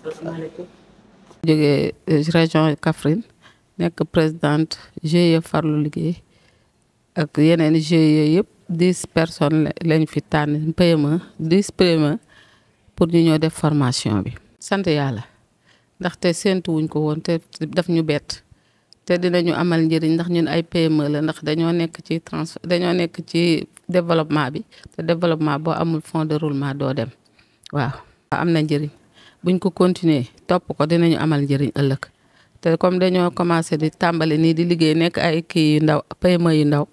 asalaamaaleykum jógee euh, région Kaffrine nekk présidente GIE farlu liggéey ak yeneen GIE yëpp dix personnes lañ fi tànn PME dix e pour ñu ñëw def formation bi. sant yàlla ndaxte séntu wuñ ko woon te daf ñu bett te dinañu amal njëriñ ndax ñun ay PME la ndax dañoo nekk ci trans dañoo nekk ci développement bi te développement boo amul fonds de roulement doo dem waaw. am na njëriñ. buñ ko continuer topp ko dinañu amal njëriñ ëllëg te comme dañoo commencé di tàmbali nii di liggéey nekk ay kii yu ndaw PME yu ndaw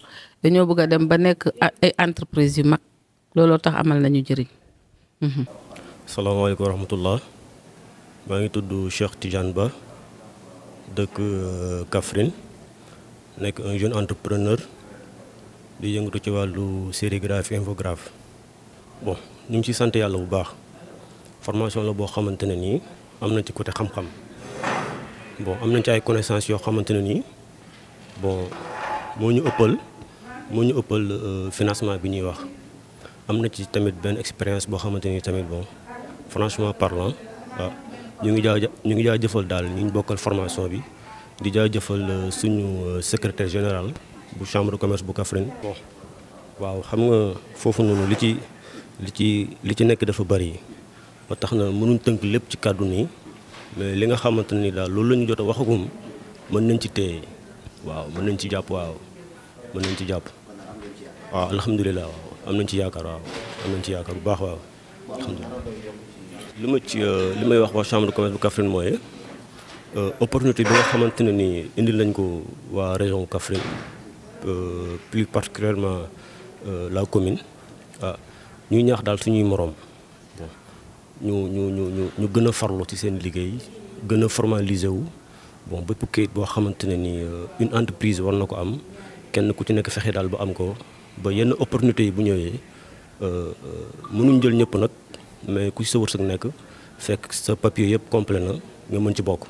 dañoo bëgg a dem ba nekk ay entreprise yu mag looloo tax amal nañu njëriñ. Mhm. salaamaaleykum wa rahmatullah maa ngi tudd Cheikh Tidiane Ba dëkk euh, Kaffrine nekk un jeune entrepreneur di yëngatu ci wàllu sérigraphie infographe bon ñu ngi ci sant yàlla bu baax. formation la boo xamante ne nii am na ci côté xam-xam bon am nañ ci ay connaissances yoo xamante ne nii bon moo ñu ëppal moo ñu ëppal euh, financement bi ñuy wax am na ci tamit benn expérience boo xamante ni tamit bon franchement parlant waaw ñu ngi jaajë ñu ngi jaajëfal daal ñu bokkal formation bi di jaajëfal euh, suñu euh, secretaire général bu chambre de commerce bu Kaffrine. bon waaw xam nga foofu noonu li ci li ci li ci nekk dafa bari. ba tax na mënuñ tënk lépp ci kàddu nii mais li nga xamante ni daal loolu la ñu jot a waxagum mën nañ ci téye waaw mën nañ ci jàpp waaw mën nañ ci jàpp waaw alhamdulilah am nañ ci yaakaar waaw am nañ ci yaakaar bu baax waaw alhamdulilah. li ma ci euh, li may wax waa chambre de bu Kaffrine mooy euh, opportunité bi nga xamante ne nii indil nañ ko waa région Kaffrine euh, plus particulièrement la commune ah ñuy ñaax daal suñuy moroom. ñu ñu ñu ñu ñu gën a farlu ci seen liggéey gën a formaliser wu bon bépp kayit boo xamante ne ni euh, une entreprise war na ko am kenn ku ci nekk fexee daal ba am ko ba yenn opportunité yi bu ñëwee euh, euh, mënuñ jël ñëpp nag mais ku ci sa wërsëg nekk fekk sa papier yëpp complet na nga mën ci bokk.